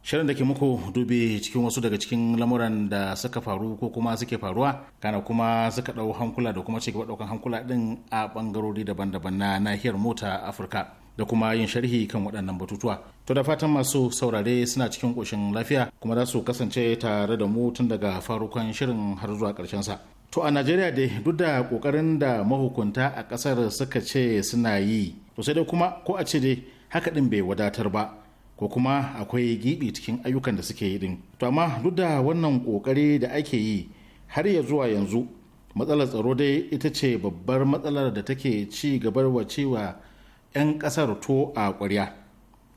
shirin da ke muku dube cikin wasu daga cikin lamuran da suka faru ko kuma suke faruwa kana kuma suka ɗau hankula da kuma cigaba daukan hankula din a bangarori daban-daban na nahiyar mota afirka da kuma yin sharhi kan waɗannan batutuwa to da fatan masu saurare suna cikin ƙoshin lafiya kuma za su kasance tare da mu tun daga farukan shirin har zuwa ƙarshen sa To a Najeriya dai duk da kokarin da mahukunta a kasar suka ce suna yi, to sai dai kuma ko a ce dai haka din bai wadatar ba. ko kuma akwai gibi cikin ayyukan da suke yi din to amma duk da wannan kokari da ake yi har ya zuwa yanzu matsalar tsaro dai ita ce babbar matsalar da take ci gabar wa cewa 'yan kasar to a ƙwarya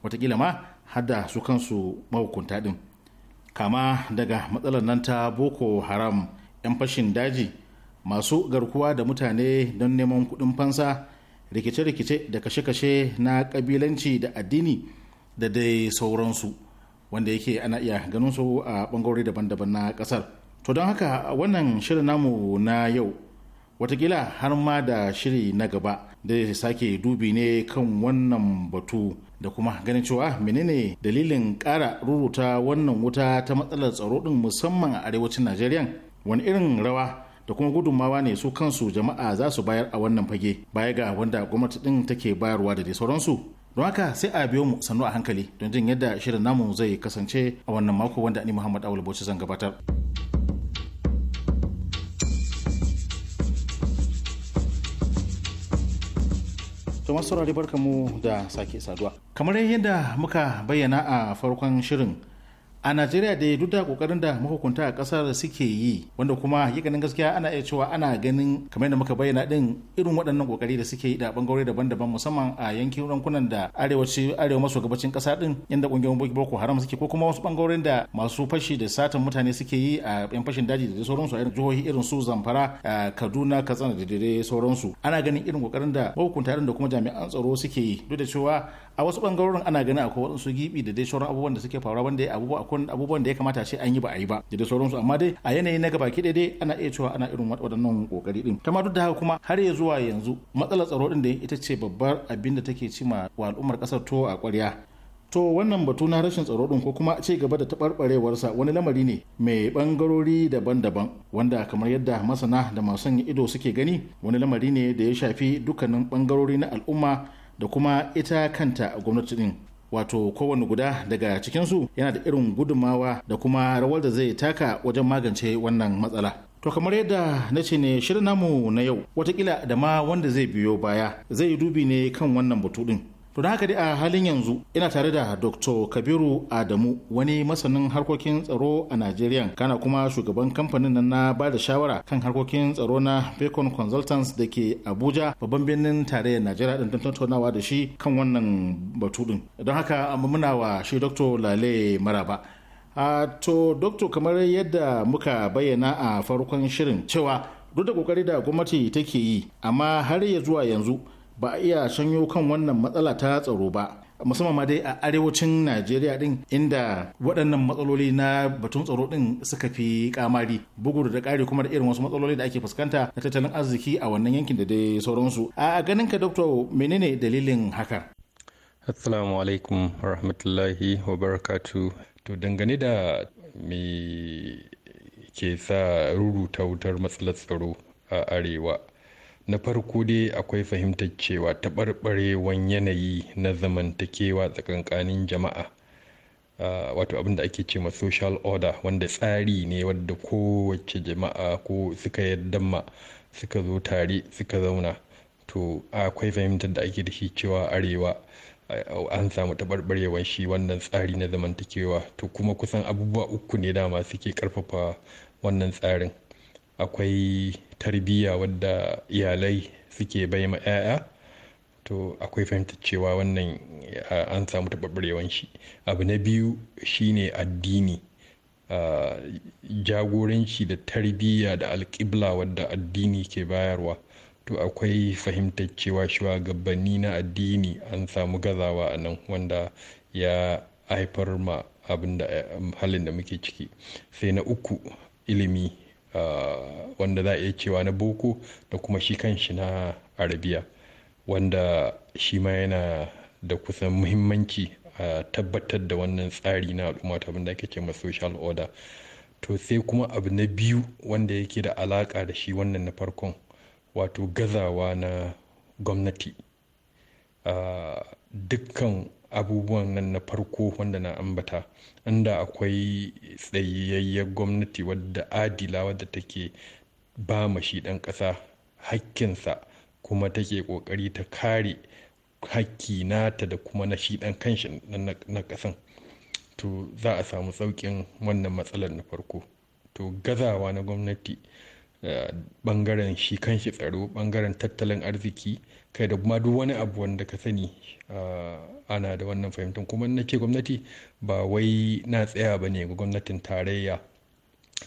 watakila ma hada su kansu mahukunta din kama daga matsalar nan ta boko haram 'yan fashin daji masu garkuwa da mutane don neman kuɗin fansa rikice-rikice da kashe-kashe na kabilanci da addini da dai sauransu wanda yake ana iya ganin su a bangarori daban-daban na kasar to don haka wannan shirin namu na yau watakila har ma da shiri na gaba da sake dubi ne kan wannan batu da kuma ganin cewa menene dalilin ƙara ruruta wannan wuta ta matsalar tsaro din musamman a arewacin najeriya wani irin rawa da kuma gudunmawa ne su kansu jama'a za su bayar a wannan fage baya ga wanda gwamnati din take bayarwa da dai sauransu don haka sai a biyo mu sannu a hankali don jin yadda shirin namu zai kasance a wannan mako wanda ni muhammad awul bauchi zan gabatar to masu saurari barkamu da sake saduwa kamar yadda muka bayyana a farkon shirin a najeriya da duk da kokarin da mahukunta a kasar suke yi wanda kuma ganin gaskiya ana iya cewa ana ganin kamar da muka bayyana din irin waɗannan kokari da suke yi da bangarori daban-daban musamman a yankin rankunan da arewaci arewa maso gabacin kasa din inda kungiyoyin boko haram suke ko kuma wasu bangarorin da masu fashi da satan mutane suke yi a yan fashin daji da sauransu a jihohi irin su zamfara kaduna katsina da dai sauransu ana ganin irin kokarin da mahukunta da kuma jami'an tsaro suke yi duk da cewa a wasu bangarorin ana ganin akwai waɗansu gibi da dai sauran abubuwan da suke faruwa wanda abubuwan da ya kamata ce an yi ba a yi ba da dai sauransu amma dai a yanayi na gabaki ɗaya dai ana iya cewa ana irin waɗannan kokari din ta ma duk da haka kuma har ya zuwa yanzu matsalar tsaro din da ita ce babbar abin da take cima wa al'ummar ƙasar to a ƙwarya to wannan batu na rashin tsaro din ko kuma ci gaba da taɓarɓarewarsa wani lamari ne mai ɓangarori daban-daban wanda kamar yadda masana da masu ido suke gani wani lamari ne da ya shafi dukkanin ɓangarori na al'umma da kuma ita kanta gwamnati din wato kowane guda daga cikinsu yana da irin gudummawa da kuma rawar da zai taka wajen magance wannan matsala To kamar yadda na ce ne shirin namu na yau watakila da ma wanda zai biyo baya zai dubi ne kan wannan batu din To da haka dai a halin yanzu ina tare da Dr. Kabiru Adamu wani masanin harkokin tsaro a Najeriya kana kuma shugaban kamfanin nan na ba da shawara kan harkokin tsaro na Bacon Consultants da ke Abuja babban birnin tarayyar Najeriya din don tattaunawa da shi kan wannan batu din. Don haka muna wa shi Dr. Lale Maraba. A to Dr. kamar yadda muka bayyana a farkon shirin cewa duk da kokari da gwamnati take yi amma har ya zuwa yanzu ba a iya sanyo kan wannan matsala ta tsaro ba musamman ma dai a arewacin najeriya din inda waɗannan matsaloli na batun tsaro din suka fi kamari bugu da ƙari kuma da irin wasu matsaloli da ake fuskanta na tattalin arziki a wannan yankin da dai sauransu a ganin ka doktor menene dalilin haka assalamu alaikum rahmatullahi wa barakatu to dangane da me ke sa ruruta wutar matsalar tsaro a arewa na farko dai akwai fahimtar cewa taɓarɓarewan yanayi na zamantakewa tsakankanin jama'a Uh, wato abinda ake ce ma social order wanda tsari ne wadda kowace jama'a ko suka yadda ma suka zo tare suka zauna to akwai fahimtar da ake da shi cewa arewa ah, an samu taɓarɓarewar shi wannan tsari na zamantakewa to kuma kusan abubuwa uku ne dama suke ƙarfafa wannan tsarin akwai tarbiyya wadda iyalai suke bai ma 'ya'ya to akwai fahimtar cewa wannan an samu taɓarɓarewan shi abu na biyu shine addini jagoranci da tarbiyya da alƙibla wadda addini ke bayarwa to akwai fahimtar cewa shugabanni na addini an samu gazawa a nan wanda ya haifar ma abin da halin da muke ciki sai na uku ilimi wanda za a iya cewa na boko da kuma shi kanshi na arabiya wanda shi ma yana da kusan muhimmanci a tabbatar da wannan tsari na al'umma ta da ake ce ma social order to sai kuma abu na biyu wanda yake da alaka da shi wannan na farkon wato gazawa na gwamnati dukkan abubuwan nan na farko wanda na ambata inda akwai tsayayyen gwamnati wadda adila wadda take ba ma shi ɗan ƙasa hakkinsa kuma take ƙoƙari ta kare hakki nata da kuma na shi ɗan kanshi na ƙasan to za a samu sauƙin wannan matsalar na farko to gazawa na gwamnati bangaren eh, shi kanshi tsaro bangaren tattalin arziki kai da kuma duk wani abu wanda ka sani ah, ana da wannan fahimtar kuma na ke gwamnati ba wai na tsaya ba ne ga gwamnatin tarayya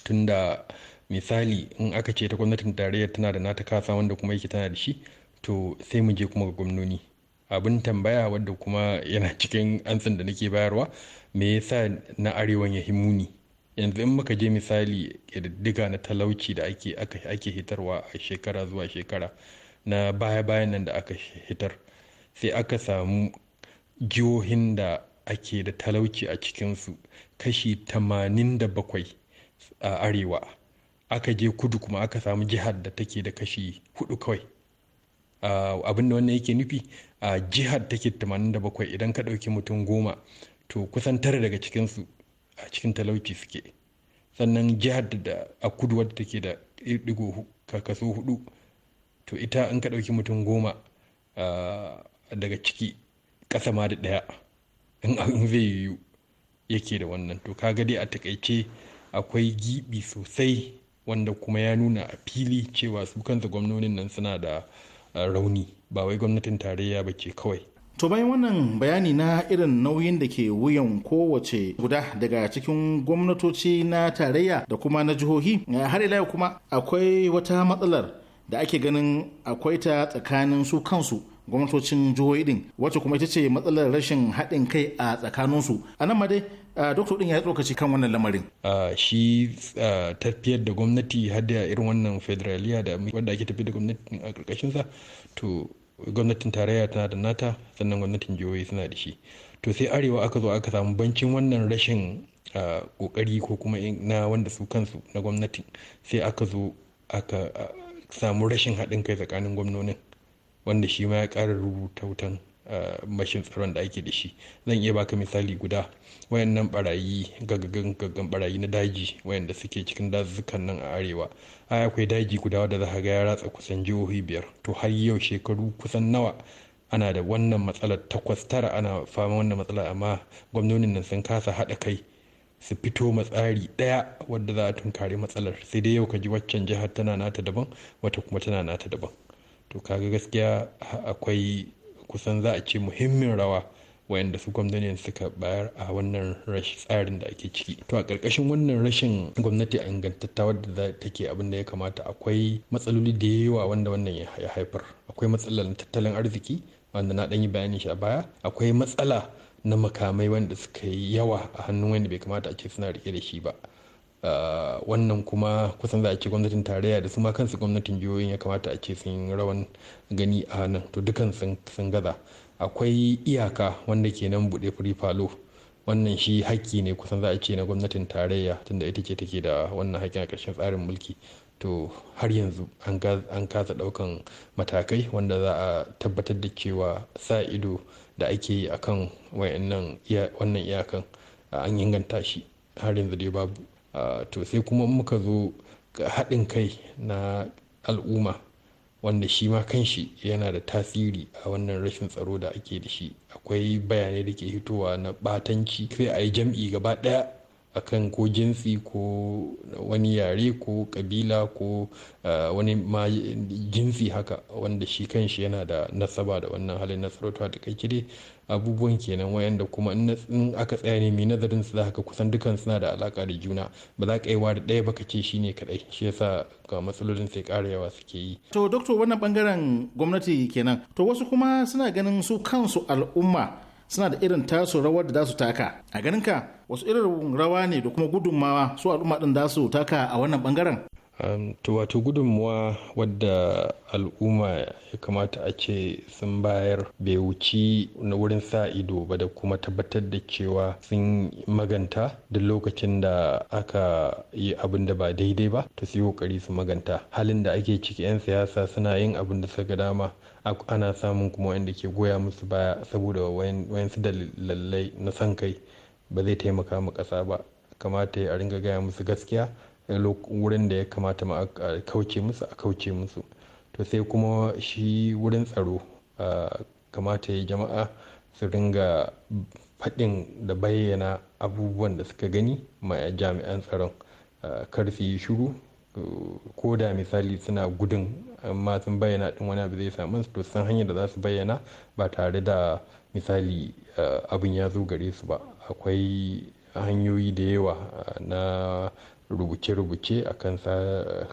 tunda misali in aka ce ta gwamnatin tarayya tana da nata kasa wanda kuma yake tana da shi to sai mu je kuma ga gwamnoni abin tambaya wadda kuma yana cikin ansan da nake bayarwa me yasa na arewan ya himuni yanzu in muka je misali ƙididdiga na talauci da ake hitarwa a shekara zuwa shekara na baya-bayan nan da aka hitar sai aka samu jihohin da ake da talauci a cikinsu kashi 87 a arewa aka je kudu kuma aka samu jihar da take da kashi hudu kawai abinda wannan yake nufi a jihar take 87 idan ka ɗauki mutum goma to kusan tara daga cikinsu a cikin talauci suke sannan jihar da a kudu wadda take da ɗigo kaso hudu to ita in ka ɗauki mutum goma daga ciki ƙasa ma da ɗaya in zai yiwu yake da wannan to kaga dai a takaice akwai gibi sosai wanda kuma ya nuna a fili cewa su kansu gwamnonin nan suna da rauni ba wai gwamnatin tarayya ba ke kawai to bayan wannan bayani na irin nauyin da ke wuyan kowace guda daga cikin gwamnatoci na tarayya da kuma na jihohi eh, har ila kuma akwai wata matsalar da ake ganin akwai ta tsakanin su kansu gwamnatocin jihohi din wacce kuma ita ce matsalar rashin haɗin kai a tsakaninsu a nan ma dai doktor din ya tsokaci kan wannan lamarin shi tafiyar da gwamnati hada irin wannan federaliya da wanda ake tafiyar da gwamnati a ƙarƙashin sa to gwamnatin tarayya tana da nata sannan gwamnatin jihohi suna da shi to sai arewa aka zo aka samu bancin wannan rashin kokari ko kuma na wanda su kansu na gwamnati sai aka zo aka samu rashin haɗin kai tsakanin gwamnonin wanda shi ma ya ƙara rubuta wutan mashin tsaron da ake da shi zan iya baka misali guda wayannan barayi gaggan barayi na daji wayanda suke cikin dazukan nan a arewa ai akwai daji guda wadda za ga ya ratsa kusan jihohi biyar to har yau shekaru kusan nawa ana da wannan matsalar takwas tara ana fama wannan matsalar amma gwamnonin nan sun kasa haɗa kai su fito matsari ɗaya wadda za a tunkari matsalar sai dai yau ka ji waccan jihar tana nata daban wata kuma tana nata daban to kaga gaskiya akwai kusan za a ce muhimmin rawa wayanda su gwamnatin suka bayar a wannan rashin tsarin da ake ciki to a ƙarƙashin wannan rashin gwamnati a ingantatta wadda take abin da ya kamata akwai matsaloli da yawa wanda wannan ya haifar akwai matsalar tattalin arziki wanda na ɗan yi bayani shi a baya akwai matsala na makamai wanda suka yi yawa a hannun wanda bai kamata a ce suna rike da shi ba ah, wannan kuma kusan za a ce gwamnatin tarayya da su ma kansu gwamnatin jihohin ya kamata a ce sun rawan gani a nan to dukan sun gaza akwai iyaka wanda ke nan buɗe free falo wannan shi haƙƙi ne kusan za a ce na gwamnatin tarayya tunda ita ce take da wannan haƙƙin a ƙarshen tsarin mulki to har yanzu an kasa ɗaukan matakai wanda za a tabbatar da cewa sa ido da ake yi akan wayannan wannan iyakan an inganta shi har yanzu dai babu to sai kuma muka zo ga haɗin kai na al'umma wanda shi ma kan shi yana da tasiri a wannan rashin tsaro da ake da shi akwai bayanai da ke hitowa na batanci sai a yi jam'i gaba ɗaya akan ko jinsi ko wani yare ko kabila ko eh, wani ma jinsi haka wanda shi kanshi yana da nasaba da wannan halin na sarauta da kai kire abubuwan kenan da kuma in aka tsaya ne mai nazarin su zaka kusan dukan suna da alaka da juna ba za ka yi da ɗaya ba ka ce shi ne kaɗai shi yasa ga matsalolin sai ƙara yawa suke yi. to doctor wannan bangaren gwamnati kenan to wasu kuma suna ganin su kansu al'umma suna da irin tasu rawar da za su taka a ganinka. wasu irin rawa ne da kuma gudunmawa su al'umma din da su taka a wannan bangaren to wato gudunmawa wadda al'umma ya kamata a ce sun bayar bai wuci na wurin sa ido ba da kuma tabbatar da cewa sun maganta da lokacin da aka yi abin da ba daidai ba ta su yi kokari su maganta halin da ake ciki 'yan siyasa suna yin abin da suka dama ana samun kuma wanda ke goya musu baya saboda wayansu da lallai na son kai ba zai taimaka mu kasa ba kamata a ringa gaya musu gaskiya wurin da ya kamata a kauce musu a kauce musu to sai kuma shi wurin tsaro kamata ya jama'a su ringa faɗin da bayyana abubuwan da suka gani ma jami'an tsaron kar su yi shuru uh, ko da misali suna gudun amma sun bayyana ɗin wani abu zai samu to san hanyar da za su bayyana ba tare da misali uh, abin ya zo gare su ba akwai hanyoyi da yawa ah, na rubuce-rubuce a kan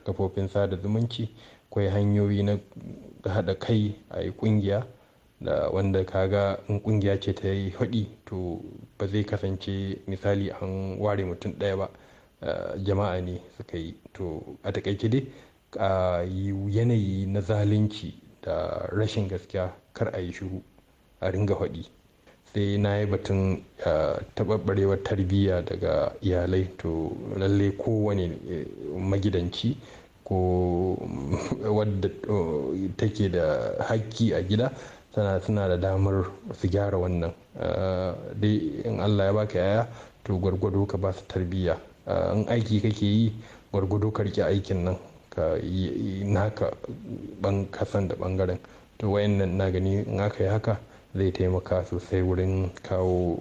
kafofin sada zumunci akwai hanyoyi na haɗa kai a yi ƙungiya da wanda kaga in ƙungiya ce ta yi haɗi to ba zai kasance misali an ware mutum ɗaya ba ah, jama'a ne suka yi to a taƙaice dai a yanayi na zalunci da rashin gaskiya kar a yi shiru a ringa haɗi sai na yi batun taɓaɓɓarewar tarbiyya daga iyalai to lalle kowane e, magidanci ko wadda take da hakki a gida tana suna da damar su gyara wannan dai in allah ya baka yaya to gwargwado ka ba su tarbiyya in aiki kake yi gwargwado ka rike aikin nan ka naka kasan da bangaren to wayannan na gani in aka yi haka zai taimaka sosai wurin kawo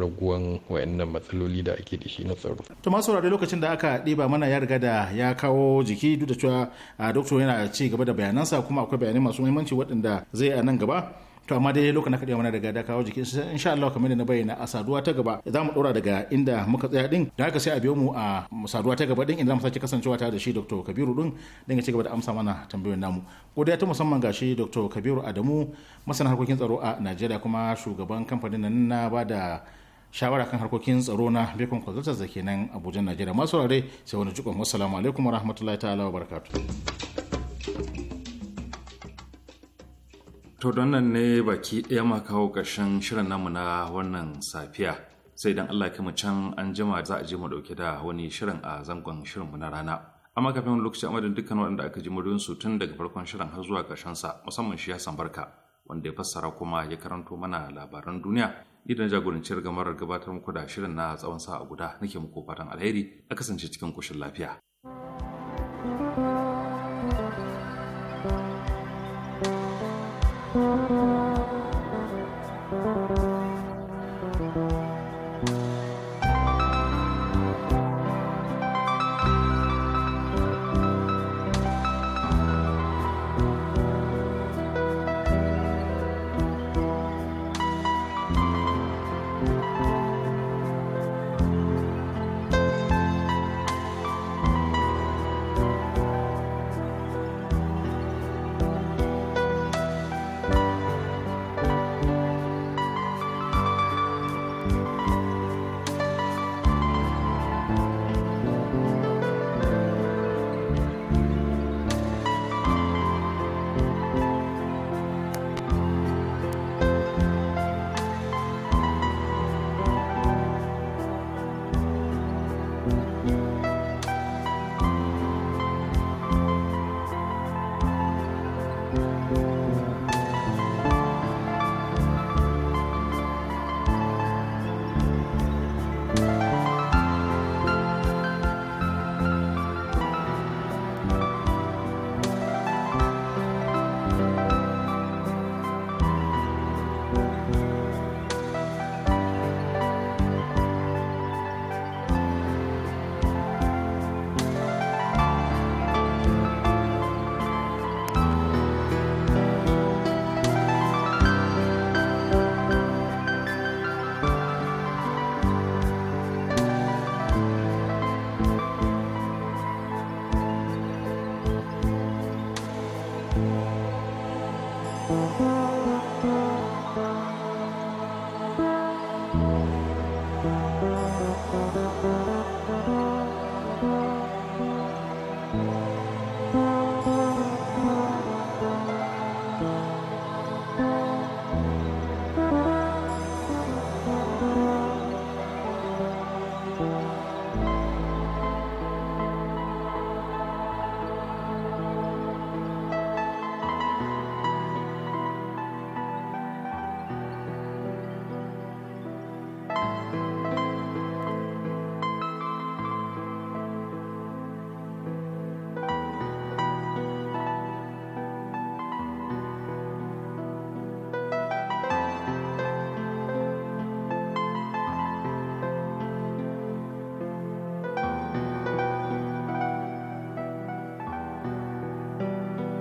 raguwan wayannan matsaloli da ake da shi na tsaro. Tuma masu lokacin da aka ɗiba mana ya riga da ya kawo jiki duk da cewa ah, doktor yana ci gaba da bayanansa kuma akwai bayanai masu muhimmanci waɗanda zai a nan gaba to amma dai lokacin kaɗewa mana daga da kawo jikin sai insha Allah kamar da na bayyana a saduwa ta gaba za mu ɗora daga inda muka tsaya din da haka sai a biyo mu a saduwa ta gaba din inda za mu sake kasancewa tare da shi Dr. Kabiru din dan ya ci da amsa mana tambayoyin namu godiya ta musamman ga shi Dr. Kabiru Adamu masana harkokin tsaro a Najeriya kuma shugaban kamfanin nan na ba da shawara kan harkokin tsaro na bekon Consultants da ke nan Abuja Najeriya masu rare sai wani jikon wassalamu alaikum warahmatullahi ta'ala wa To don nan ne baki ɗaya ma kawo ƙarshen shirin namu na wannan safiya. Sai don Allah mu can an jima za a je mu ɗauke da wani shirin a zangon shirinmu na rana. Amma kafin lokaci amadin dukkan waɗanda aka ji muryoyin su tun daga farkon shirin har zuwa ƙarshen sa musamman shi ya Barka wanda ya fassara kuma ya karanto mana labaran duniya. Idan jagorancin gamar gabatar muku da shirin na tsawon sa'a guda nake muku fatan alheri a kasance cikin koshin lafiya. thank you